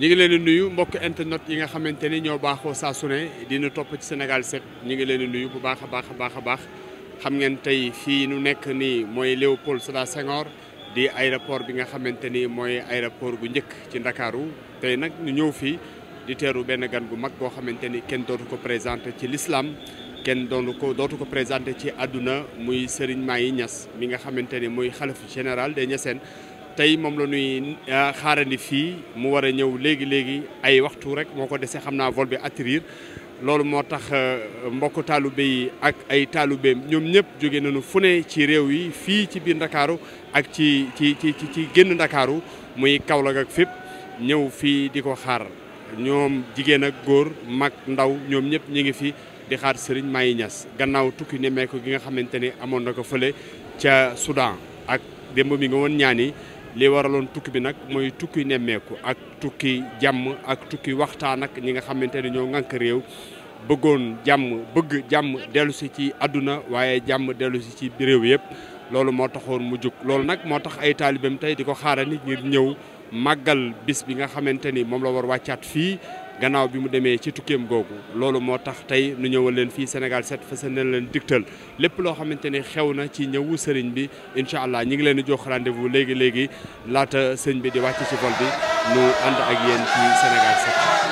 ñu ngi leen di nuyu mbokk internet yi nga xamante ni ñoo baaxoo saa su ne dina topp ci Sénégal 7 ñu ngi leen di nuyu bu baax a baax a baax a baax xam ngeen tey fii nu nekk nii mooy Léopold Sédar Senghor di aéroport bi nga xamante ni mooy aéroport bu njëkk ci Ndakaaru tey nag ñu ñëw fii di teeru benn gan gu mag boo xamante ni kenn dootu ko présenté ci lislaam kenn doonu ko dootu ko présenté ci adduna muy Serigne yi ñas bi nga xamante ni muy xalifu général des Niassènes tey moom lañuy ñuy euh, xaarandi fii mu war a ñëw léegi léegi ay waxtu rek moo ko dese xam naa vol bi atterrir loolu moo tax euh, mbokk taalibe yi ak ay taalibeem ñoom ñëpp jóge nañu fu ne ci réew yi fii ci biir Ndakaaru ak ci ci ci ci génn Ndakaaru muy Kaolack ak fépp ñëw fii di ko xaar ñoom jigéen ak góor mag ndaw ñoom ñëpp ñu ngi fi di xaar sëriñ Mahi ñas gannaaw tukki nemmeeku gi nga xamante ne amoon na ko fële ca Soudan ak démb mi nga woon ñaani li waraloon tukki bi nag mooy tukki nemmeeku ak tukki jàmm ak tukki waxtaan ak ñi nga xamante ne ñoo ŋànk réew bëggoon jàmm bëgg jàmm dellu si ci àdduna waaye jàmm dellu si ci réew yëpp loolu moo taxoon mu jóg loolu nag moo tax ay taalibeem tey di ko xaaral xaarani ngir ñëw màggal bis bi nga xamante ni moom la war wàccaat fii gannaaw bi mu demee ci tukkeem googu loolu moo tax tey nu ñëwal leen fii Sénégal set fa seen leen digtal lépp loo xamante ni xew na ci ñëwu sëriñ bi incha allah ñu ngi leen di jox rendez-vous léegi léegi laata sëñ bi di wàcc ci vol bi nu ànd ak yéen ci Sénégal set.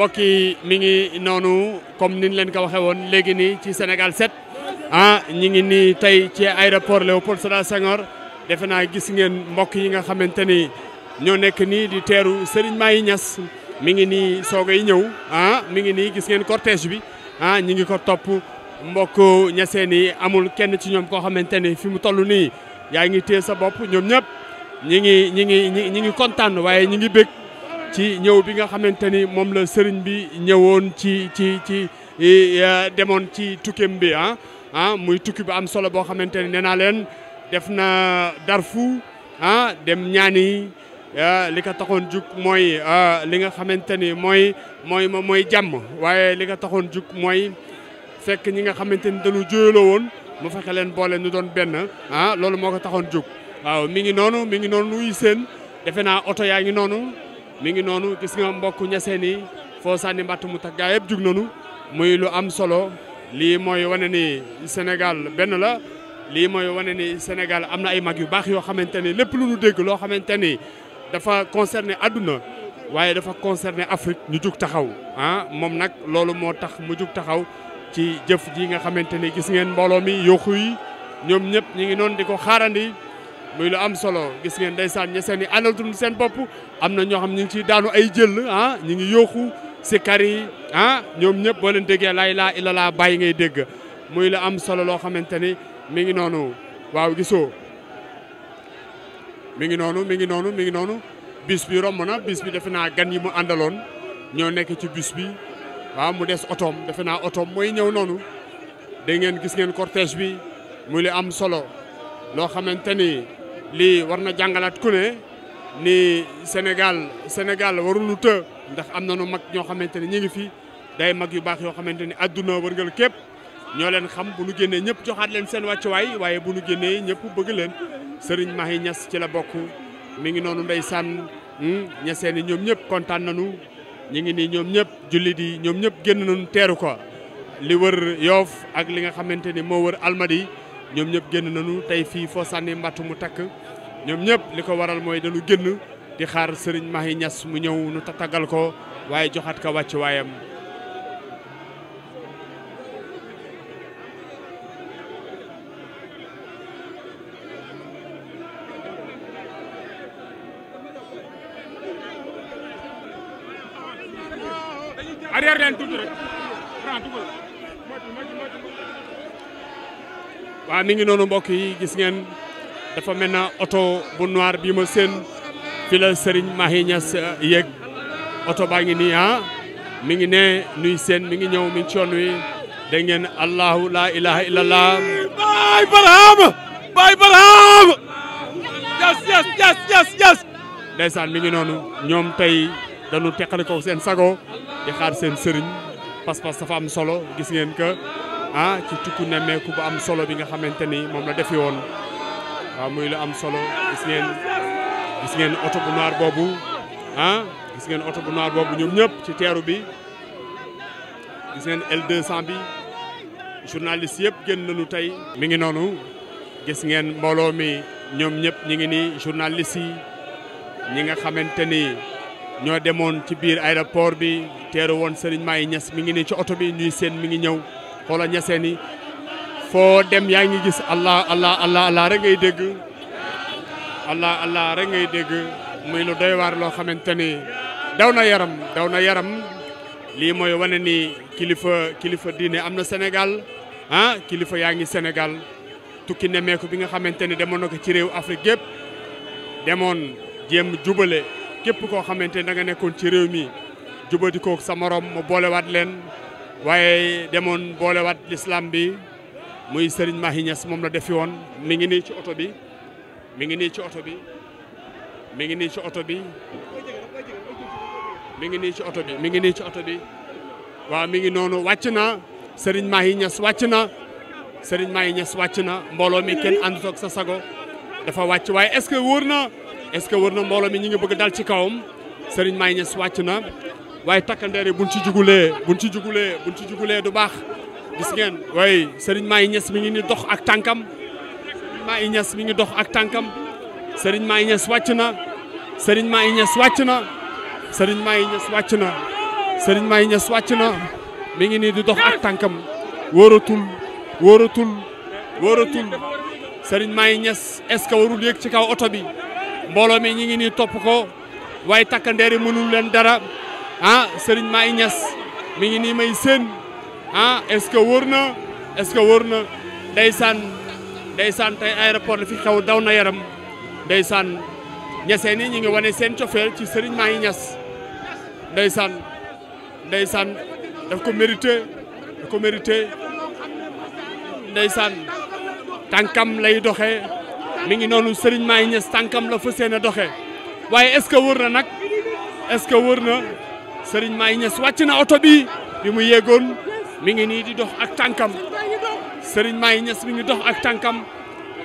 mbokk yi mi ngi noonu comme niñ leen ko waxee woon léegi nii ci senegal set ah ñi ngi nii tey ci aéroport Léopold Sédar Senghor defe naa gis ngeen mbokk yi nga xamante ni ñoo nekk nii di teeru Serigne Mahi ñas mi ngi nii soog yi ñëw ah mi ngi nii gis ngeen cortège bi ah ñi ngi ko topp mbokk ñaseen yi amul kenn ci ñoom koo xamante ni fi mu toll nii yaa ngi téye sa bopp ñoom ñëpp ñi ngi kontaan waaye ñi ngi ci ñëw bi nga xamante ni moom la sëriñ bi ñëwoon ci ci ci e, demoon ci tukkeem bi ah, ah muy tukki bu am solo boo xamante ni nee naa leen def na darfu ah dem ñaani e, li ko taxoon jug mooy e, li nga xamante ni mooy mooy mooy jàmm waaye li ko taxoon jug mooy fekk ñi nga xamante ni dañu jóyaloo woon mu fexe leen boole nu doon benn ah loolu moo ko taxoon jug waaw mi ngi noonu mi ngi noonu nuyu seen defe naa oto yaa ngi noonu mi ngi noonu gis nga mbokk ñeseen ni foo sànni mbàtt mu tax gaa yëpp jug nañu muy lu am solo lii mooy wane ni Sénégal benn la lii mooy wane ni Sénégal am na ay mag yu baax yoo xamante ni lépp lu ñu dégg loo xamante ni dafa concerné àdduna waaye dafa concerné Afrique ñu jug taxaw ah, moom nag loolu moo tax mu jug taxaw ci jëf ji nga xamante ni gis ngeen mbooloo mi yooxu yi ñoom ñëpp ñu ngi noonu di ko xaarandi muy lu am solo gis ngeen ndeysaan saan seen i analtuñ seen bopp am na ñoo xam ñu ngi ciy daanu ay jël ah ñu ngi yooxu si kar yi ah ñoom ñëpp boo leen déggee lay laa illa laa bàyyi ngay dégg muy lu am solo loo xamante ni mi ngi noonu waaw gisoo mi ngi noonu mi ngi noonu mi ngi noonu bis bi romb na bis bi defe naa gan yi mu àndaloon ñoo nekk ci bis bi waaw mu des otoom defe naa otoom mooy ñëw noonu da ngeen gis ngeen cortège bi muy lu am solo loo xamante lii war na jàngalaat ku ne ni Sénégal Sénégal warulu të ndax am na nu mag ñoo xamante ni ñu ngi fi day mag yu baax yoo xamante ne adduna wërngal képp ñoo leen xam bu nu génnee ñëpp joxaat leen seen wàccuwaay waaye bu nu génnee ñëpp bëgg leen Serigne Mahi Niass ci la bokk mi ngi noonu sànn ñaseen hmm, yi ñoom ñëpp kontaan nañu ñu ngi nii ñoom ñëpp jullit yi ñoom ñëpp génn nañu teeru ko li wër Yoff ak li nga xamante ni moo wër Almadi ñoom ñëpp génn nañu tey fii foo sànni mbattu mu takk ñoom ñëpp li ko waral mooy danu génn di xaar sëriñ Mahi Niass mu ñëw nu tatagal ko waaye joxaat ko wàcc waayam waa mi ngi noonu mbokk yi gis ngeen dafa mel oto bu noir bii ma seen fila la Serigne Mahi Niass uh, yéeg oto baa ngi nii ah mi ngi ne nuy seen mi ngi ñëw mi ngi coon wi da ngeen allahu laa ilaha illallah baay baraam baay baraam yes yes yes yes yes ndeysaan mi ngi noonu ñoom tey dañu teqali seen sago di xaar seen sëriñ pas-pas dafa solo gis ngeen que ci ah, ci tukku nemmeeku bu am solo bi nga xamante ni moom la defi woon waaw ah, muy lu am solo gis ngeen gis oto bu noir boobu ah, gis ngeen oto bu noir boobu ñoom ñëpp ci teeru bi gis ngeen L200 bi journaliste yëpp génn nañu tey mi ngi noonu gis ngeen mbooloo mi ñoom ñëpp ñi ngi nii journaliste yi ñi nga xamante ni ñoo demoon ci biir aéroport bi teeru woon Serigne Maye ñes mi ngi nii ci oto bi ñuy seen mi ngi ñëw xoola ñaseen ni foo dem yaa ngi gis allah allah allah allah rek ngay dégg allah allah rek ngay dégg muy lu doy waar loo xamante ni daw na yaram daw na yaram lii mooy wane ni kilifa kilifa diine am na Sénégal ah kilifa yaa ngi Sénégal tukki nemmeeku bi nga xamante ni demoon na ko ci réew Afrique yëpp demoon jéem jubale képp koo xamante ni da nekkoon ci réew mi jubadi kook sa morom mu boolewaat leen waaye demoon boolewaat lislaam bi muy sëriñ Serigne Mahi Niass moom la defi woon mi ngi nii ci oto bi mi ngi nii ci oto bi mi ngi nii ci oto bi mi ngi nii ci oto bi mi ngi nii ci oto bi waaw mi ngi noonu wàcc na Serigne Mahi Niass wàcc na Serigne Mahi Niass wàcc na mbooloo mi kenn àndut ak sa sago dafa wàcc waaye est-ce que wóor na est-ce que wóor na mbooloo mi ñu ngi bëgg dal ci kawam Serigne Mahi Niass wàcc na waaye takkandeer yi buñ ci jugulee buñ ci jugulee buñ ci jugulee du baax gis ngeen way Serigne Mahi Niass mi ngi ni dox ak tànkam Serigne Mahi ñes mi ngi dox ak tànkam Serigne Mahi Niass wàcc na Serigne Mahi Niass wàcc na Serigne Mahi Niass wàcc na Serigne Mahi Niass wàcc na mi ngi nii di dox ak tànkam wóoratul wóoratul wóoratul Serigne Mahi Niass est-ce que warul yéeg ci kaw oto bi mbooloo mi ñi ngi topp ko waaye takkandeer yi mënul leen dara ah sëriñ Maay Ñas mi ngi nii may seen ah est-ce que wóor na est-ce que wóor na ndeysaan ndeysaan tey aéroport la fi xew daw na yaram ndeysaan ñaseen yi ñu ngi wane seen cofeel ci sëriñ Maay Ñas ndeysaan ndeysaan daf ko mérité daf ko mérité ndeysaan tànkam lay doxe mi ngi noonu sëriñ Maay Ñas tànkam la fa seen a waaye est-ce na nag est-ce na Serigne Maye Niass wàcc na oto bi bi mu yéegoon mi ngi nii di dox ak tànkam Serigne Maye Niass mi ngi dox ak tànkam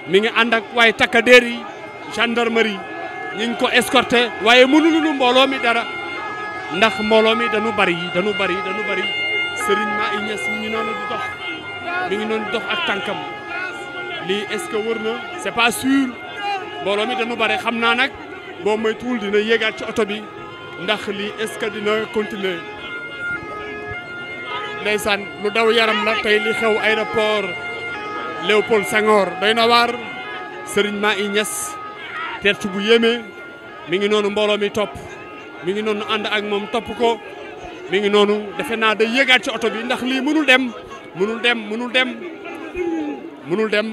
mi ngi ànd ak waaye takkadeer yi gendarmerie ñi ngi ko escorté waaye mu mënuñu mbooloo mi dara ndax mbooloo mi dañu bari dañu bari dañu bari Serigne Maye Niass mi ngi noonu di dox mi ngi noonu di dox ak tànkam lii est-ce que wër na c'est pas sûr mbooloo mi dañu bari xam naa nag boo moytuwul dina yéegaat ci oto bi. ndax lii est-ce que dina continuer ndeysaan lu daw yaram la tey li xew aéroport Léopold sangoor doy na waar Serigne maa i ñes tertu bu yéeme mi ngi noonu mbooloo mi topp mi ngi noonu ànd ak moom topp ko mi ngi noonu defe naa day yéegaat ci oto bi ndax lii mënul dem mënul dem mënul dem mënul dem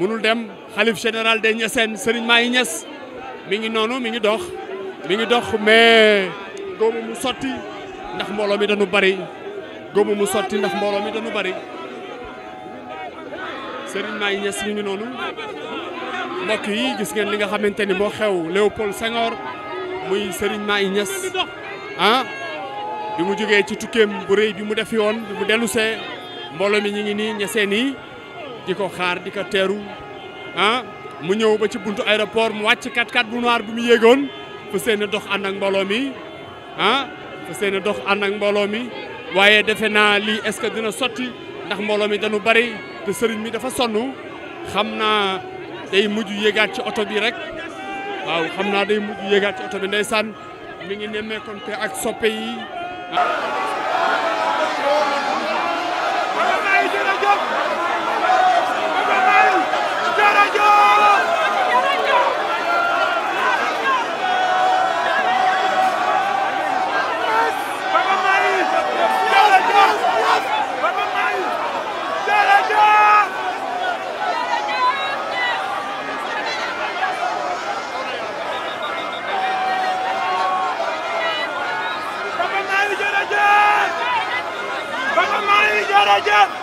mënul dem xalif général des Niassènes sëriñ maa i ñes mi ngi noonu mi ngi dox mi ngi dox mais góomu mu sotti ndax mbooloo mi dañu bari góomu mu sotti ndax mbooloo mi dañu bari Serigne Maye Niass mi ngi noonu mbokk yi gis ngeen li nga xamante ni moo xew Léopold Senghor muy Serigne Maye Niass ah bi mu jógee ci tukkeem bu rëy bi mu defi woon bi mu dellusee mbooloo mi ñu ngi nii ñesee nii di ko xaar di ko teeru ah mu ñëw ba ci buntu aéroport mu wàcc 4x4 bu noir bu mu yéegoon fa seen dox ànd ak mbooloo mi ah fa seen dox ànd ak mbooloo mi waaye defe naa lii est-ce que dina sotti ndax mbooloo mi danu bari te sëriñ mi dafa sonn xam naa day mujj yéegaat ci oto bi rek waaw xam naa day mujj yéegaat ci oto bi ndeysaan mu ngi nemmeekonte ak soppe yi ah. Legend!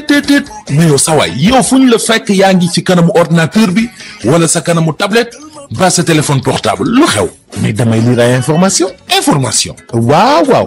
teet teet teet mais yow saa waay yow fu la fekk yaa ngi ci kanamu ordinateur bi wala sa kanamu tablette ba sa téléphone portable lu xew mais damay lire ay information information waaw waaw